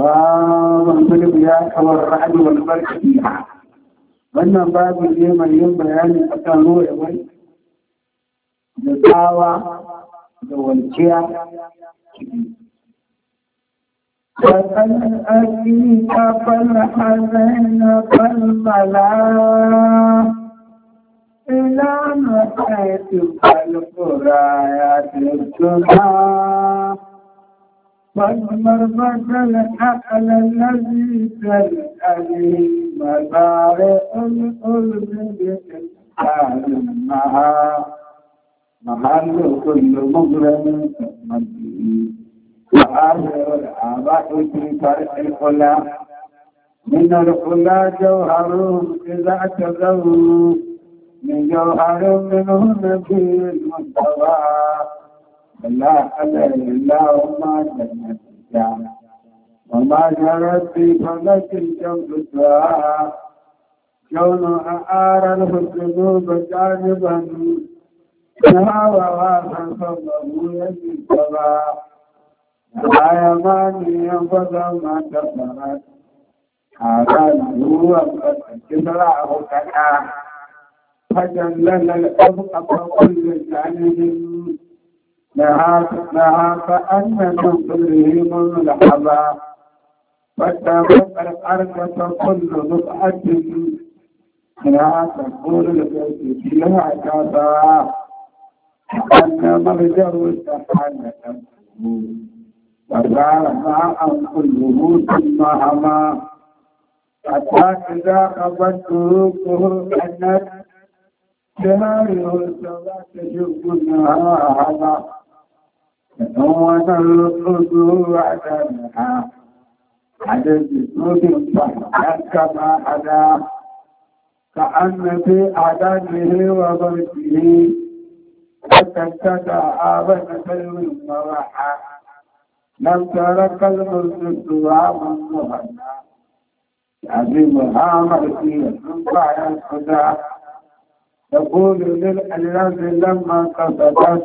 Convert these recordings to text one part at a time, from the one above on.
babin sulhu ya kawar ra'ayi wal barka fiha wannan babu ne mai yin bayani akan ruwa da tsawa da walkiya فقد أتيك فالحزن فالملا إلى نحيت القرى يا تلتنا فالمرضى الأعلى الذي تلأني مبارئ الأرض بإسلام معا محل كل مغرم تقمده وآخر الآباء في فرع الخلا من الخلا جوهر إذا اعتذروا من جوهر منه نبي المنتوى لا أله إلا وما جنتك وما جرت في فلك الجنب ساعة كون أعاره الذنوب جانبا نهى وواسا فضله يجب صلاة لا يماني ينفذ ما كفرت هذا هو قد كفره كذا فجلل الأبقى كل جانب نهى فأنهم كلهم ملحظا وتبقى الأرض كل بقعة منها تقول البيت فيها كذا أن مرجع استحال وصار ماء كله ثم هما حتى إذا قبض ذروقه أنت شهاره سوى تشوف النهار هذا حدا كأن في أعداده وضربه وتكتدى آبن سلم الصراحة لم ترك المسجد من المهنى عظيم عامر في الحنطة ينقضى تقول للأجلاد لما قصدت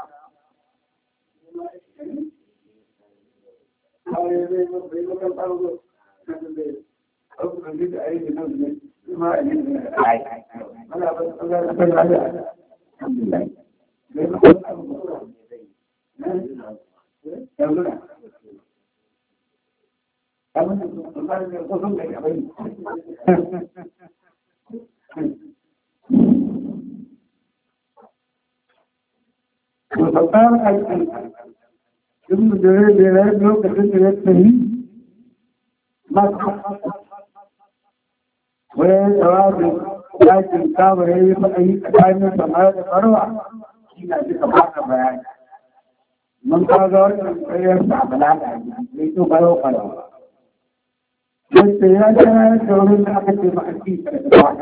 وفقال أن ibn Jarir da ya yi lokacin da ya tafi masa wani tsawabin yakin kama ya yi fa'ayi tsakanin samar da farwa shi na duka baka bayani mun kaga wannan tsayar sa balaga ne ne to bayo fara yadda ya tara da wurin da aka ce ma aki da ba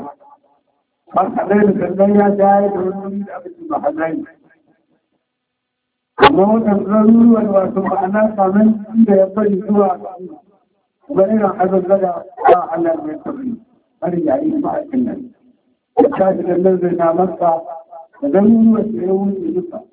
ba sai da ya tara da wurin da aka ce ma hazai amma wannan ɗaruruwan wato ma'ana samun inda ya bari zuwa ga irin azazzada ba Allah mai tafi har yayi ma'aikin nan ya tashi da nan zai na masa da ɗaruruwan da ya wuce duka